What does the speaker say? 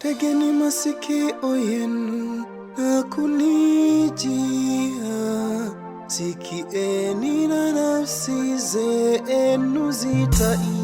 Tegeni masikio yenu na kunijia, sikieni na nafsi zenu zitaii